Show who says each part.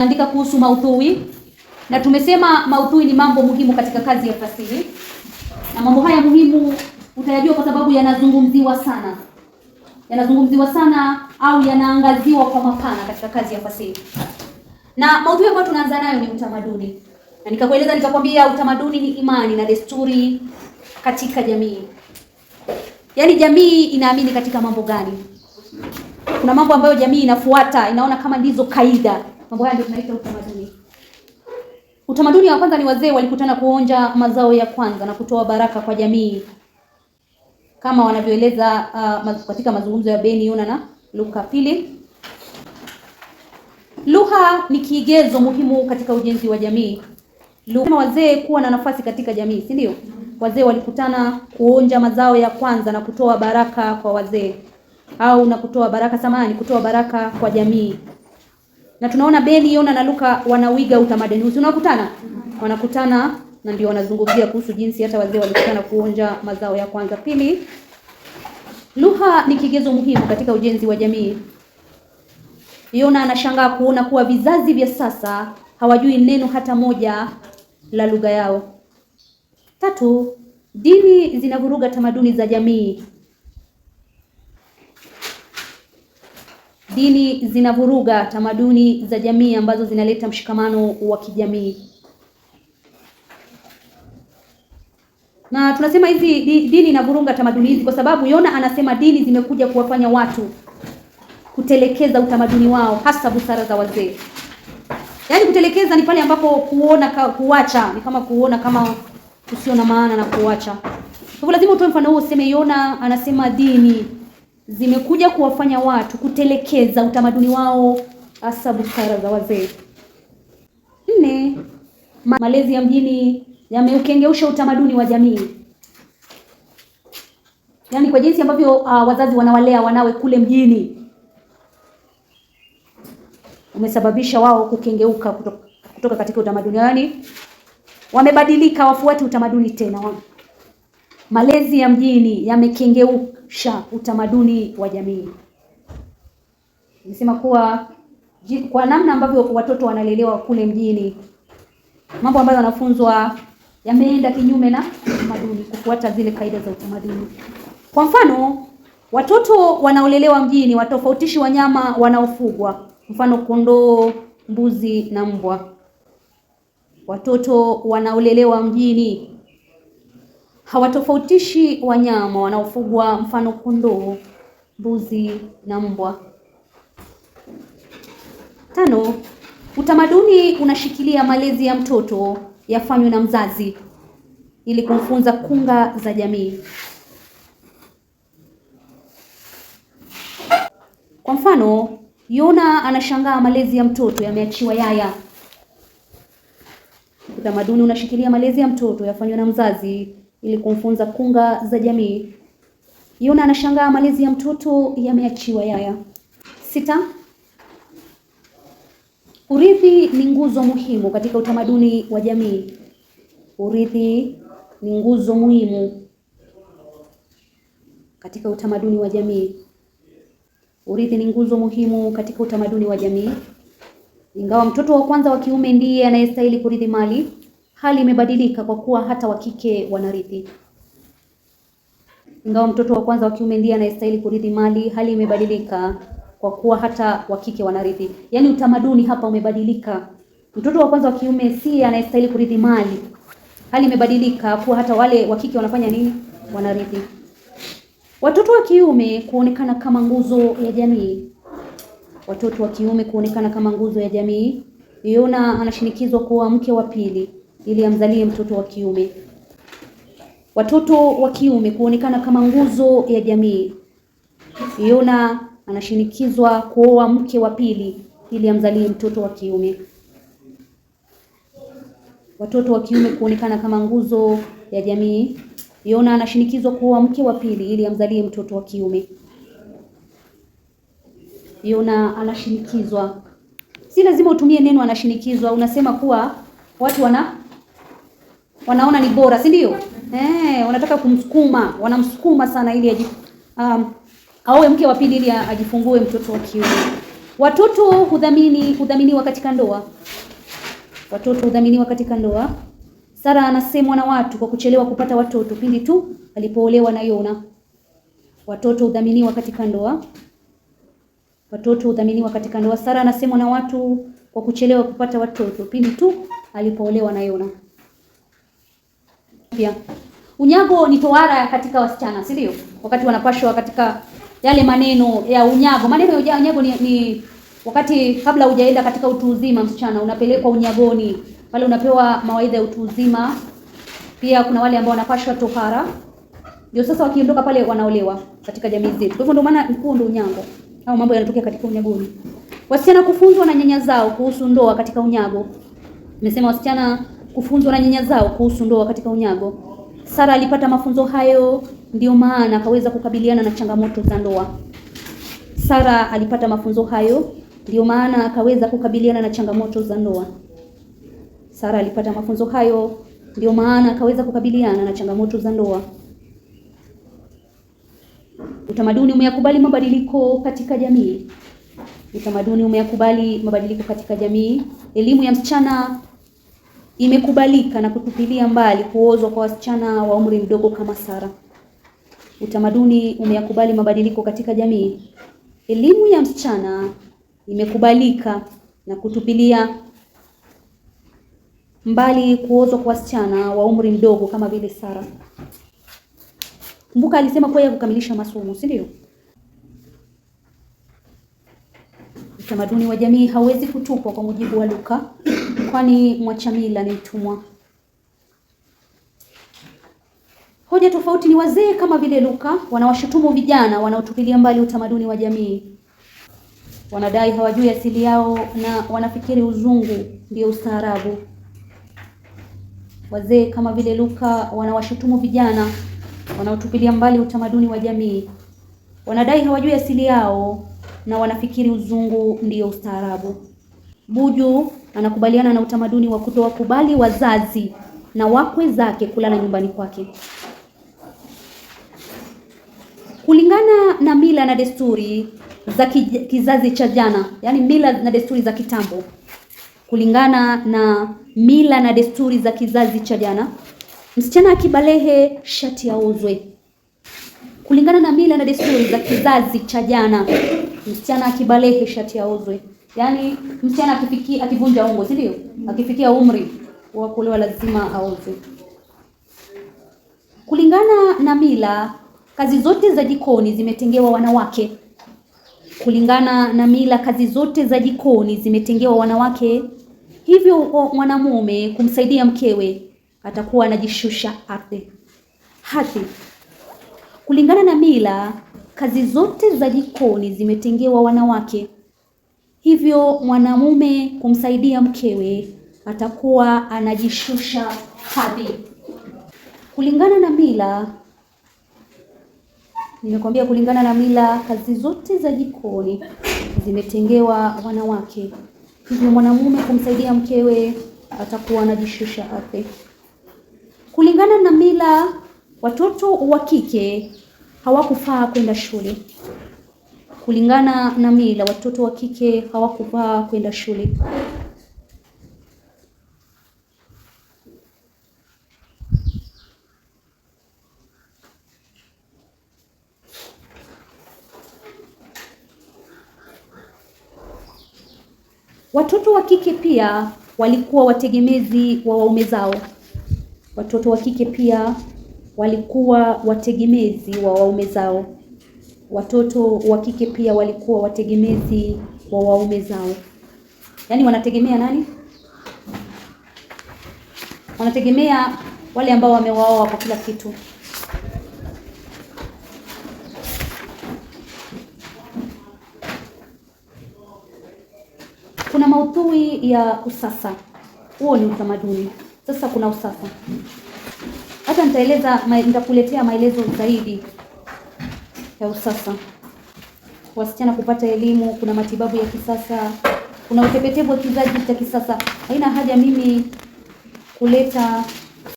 Speaker 1: Andika kuhusu maudhui na tumesema maudhui ni mambo muhimu katika kazi ya fasihi, na mambo haya muhimu utayajua kwa sababu yanazungumziwa sana, yanazungumziwa sana au yanaangaziwa kwa mapana katika kazi ya fasihi. Na maudhui ambayo tunaanza nayo ni utamaduni, na nikakueleza, nikakwambia utamaduni ni imani na desturi katika jamii. Yaani jamii inaamini katika mambo gani? Kuna mambo ambayo jamii inafuata, inaona kama ndizo kaida Mambo haya ndio tunaita utamaduni. Utamaduni wa kwanza ni wazee walikutana kuonja mazao ya kwanza na kutoa baraka kwa jamii, kama wanavyoeleza uh, katika mazungumzo ya Beni Yona na Luka pili. Lugha ni kigezo muhimu katika ujenzi wa jamii. Lugha wazee kuwa na nafasi katika jamii, si ndio? Wazee walikutana kuonja mazao ya kwanza na kutoa baraka kwa wazee au na kutoa baraka samani, kutoa baraka kwa jamii na tunaona Beli, Yona na Luka wanawiga utamaduni huu, unakutana wanakutana, na ndio wanazungumzia kuhusu jinsi hata wazee walikutana kuonja mazao ya kwanza. Pili, lugha ni kigezo muhimu katika ujenzi wa jamii. Yona anashangaa kuona kuwa vizazi vya sasa hawajui neno hata moja la lugha yao. Tatu, dini zinavuruga tamaduni za jamii Dini zinavuruga tamaduni za jamii ambazo zinaleta mshikamano wa kijamii. Na tunasema hizi dini inavuruga tamaduni hizi kwa sababu Yona anasema dini zimekuja kuwafanya watu kutelekeza utamaduni wao hasa busara za wazee. Yaani kutelekeza ni pale ambapo kuona ka, kuacha ni kama kuona kama usio na maana na kuacha. Kwa hivyo lazima utoe mfano huo useme Yona anasema dini zimekuja kuwafanya watu kutelekeza utamaduni wao, hasa busara za wazee. Nne, malezi ya mjini yameukengeusha utamaduni wa jamii, yaani kwa jinsi ambavyo uh, wazazi wanawalea wanawe kule mjini umesababisha wao kukengeuka kutoka, kutoka katika utamaduni, yaani wamebadilika, wafuati utamaduni tena. Malezi ya mjini yamekengeuka kurekebisha utamaduni wa jamii. Nimesema kuwa kwa namna ambavyo watoto wanalelewa kule mjini, mambo ambayo wanafunzwa yameenda kinyume na utamaduni, kufuata zile kaida za utamaduni. Kwa mfano, watoto wanaolelewa mjini watofautishi wanyama wanaofugwa, mfano kondoo, mbuzi na mbwa. Watoto wanaolelewa mjini hawatofautishi wanyama wanaofugwa, mfano kondoo, mbuzi na mbwa. Tano, utamaduni unashikilia malezi ya mtoto yafanywe na mzazi ili kumfunza kunga za jamii. Kwa mfano, Yona anashangaa malezi ya mtoto yameachiwa yaya. Utamaduni unashikilia malezi ya mtoto yafanywe na mzazi ili kumfunza kunga za jamii. Yuna anashangaa malezi ya mtoto yameachiwa Yaya. Sita. Urithi ni nguzo muhimu katika utamaduni wa jamii. Urithi ni nguzo muhimu katika utamaduni wa jamii. Urithi ni nguzo muhimu katika utamaduni wa jamii. Ingawa mtoto wa kwanza wa kiume ndiye anayestahili kurithi mali, hali imebadilika kwa kuwa hata wa kike wanarithi. Ingawa mtoto wa kwanza wa kiume ndiye anayestahili kurithi mali, hali imebadilika kwa kuwa hata wa kike wanarithi. Yaani utamaduni hapa umebadilika. Mtoto wa kwanza wa kiume si anayestahili kurithi mali. Hali imebadilika kuwa hata wale wa kike wanafanya nini? Wanarithi. Watoto wa kiume kuonekana kama nguzo ya jamii. Watoto wa kiume kuonekana kama nguzo ya jamii. Yona anashinikizwa kuwa mke wa pili ili amzalie mtoto wa kiume. Watoto wa kiume kuonekana kama nguzo ya jamii. Yona anashinikizwa kuoa mke wa pili ili amzalie mtoto wa kiume. Watoto wa kiume kuonekana kama nguzo ya jamii. Yona anashinikizwa kuoa mke wa pili ili amzalie mtoto wa kiume. Yona anashinikizwa. Si lazima utumie neno anashinikizwa, unasema kuwa watu wana wanaona ni bora, si ndio? Eh, wanataka kumsukuma, wanamsukuma sana ili aji, um, aoe mke wa pili ili ajifungue mtoto wa kiume. Watoto hudhamini hudhaminiwa katika ndoa. Watoto hudhaminiwa katika ndoa. Sara anasemwa na watu kwa kuchelewa kupata watoto pindi tu alipoolewa na Yona. Watoto hudhaminiwa katika ndoa. Watoto hudhaminiwa katika ndoa. Sara anasemwa na watu kwa kuchelewa kupata watoto pindi tu alipoolewa na Yona pia. Unyago ni tohara katika wasichana, si ndio? Wakati wanapashwa katika yale maneno ya unyago. Maneno ya unyago ni, ni wakati kabla hujaenda katika utu uzima, msichana unapelekwa unyagoni, pale unapewa mawaidha ya utu uzima. Pia kuna wale ambao wanapashwa tohara, ndio sasa wakiondoka pale wanaolewa katika jamii zetu. Kwa hivyo ndio maana mkuu ndio unyago au mambo yanatokea katika unyagoni. Wasichana kufunzwa na nyanya zao kuhusu ndoa katika unyago. Nimesema wasichana kufunzwa na nyanya zao kuhusu ndoa katika unyago. Sara alipata mafunzo hayo, ndio maana akaweza kukabiliana na changamoto za ndoa. Sara alipata mafunzo hayo, ndio maana akaweza kukabiliana na changamoto za ndoa. Sara alipata mafunzo hayo, ndio maana akaweza kukabiliana na changamoto za ndoa. Utamaduni umeyakubali mabadiliko katika jamii. Utamaduni umeyakubali mabadiliko katika jamii. Elimu ya msichana imekubalika na kutupilia mbali kuozwa kwa wasichana wa umri mdogo kama Sara. Utamaduni umeyakubali mabadiliko katika jamii. Elimu ya msichana imekubalika na kutupilia mbali kuozwa kwa wasichana wa umri mdogo kama vile Sara. Kumbuka alisema kwa ya kukamilisha masomo, si ndio? Utamaduni wa jamii hauwezi kutupwa kwa mujibu wa Luka kwani mwacha mila ni mtumwa. Hoja tofauti ni wazee kama vile Luka wanawashutumu vijana wanaotupilia mbali utamaduni wa jamii. Wanadai hawajui asili yao na wanafikiri uzungu ndio ustaarabu. Wazee kama vile Luka wanawashutumu vijana wanaotupilia mbali utamaduni wa jamii. Wanadai hawajui asili yao na wanafikiri uzungu ndio ustaarabu. Buju Anakubaliana na utamaduni wa kutowakubali wazazi na wakwe zake kulala nyumbani kwake. Kulingana na mila na desturi za kizazi cha jana, yaani mila na desturi za kitambo. Kulingana na mila na desturi za kizazi cha jana, msichana akibalehe shati auzwe. Kulingana na mila na desturi za kizazi cha jana, msichana akibalehe shati auzwe. Yaani msichana akifikia akivunja ungo, si ndio? Akifikia umri wa kuolewa lazima aoze. Kulingana na mila, kazi zote za jikoni zimetengewa wanawake. Kulingana na mila, kazi zote za jikoni zimetengewa wanawake. Hivyo mwanamume kumsaidia mkewe atakuwa anajishusha ardhi hadhi. Kulingana na mila, kazi zote za jikoni zimetengewa wanawake. Hivyo mwanamume kumsaidia mkewe atakuwa anajishusha hadhi. Kulingana na mila, nimekwambia, kulingana na mila, kazi zote za jikoni zimetengewa wanawake. Hivyo mwanamume kumsaidia mkewe atakuwa anajishusha hadhi. Kulingana na mila, watoto wa kike hawakufaa kwenda shule. Kulingana na mila, watoto wa kike hawakufaa kwenda shule. Watoto wa kike pia walikuwa wategemezi wa waume zao. Watoto wa kike pia walikuwa wategemezi wa waume zao watoto wa kike pia walikuwa wategemezi wa waume zao, yaani wanategemea nani? Wanategemea wale ambao wamewaoa kwa kila kitu. Kuna maudhui ya usasa, huo ni utamaduni. Sasa kuna usasa, hata nitaeleza, nitakuletea maelezo zaidi ya usasa, wasichana kupata elimu, kuna matibabu ya kisasa, kuna utepetevu wa kizazi cha kisasa. Haina haja mimi kuleta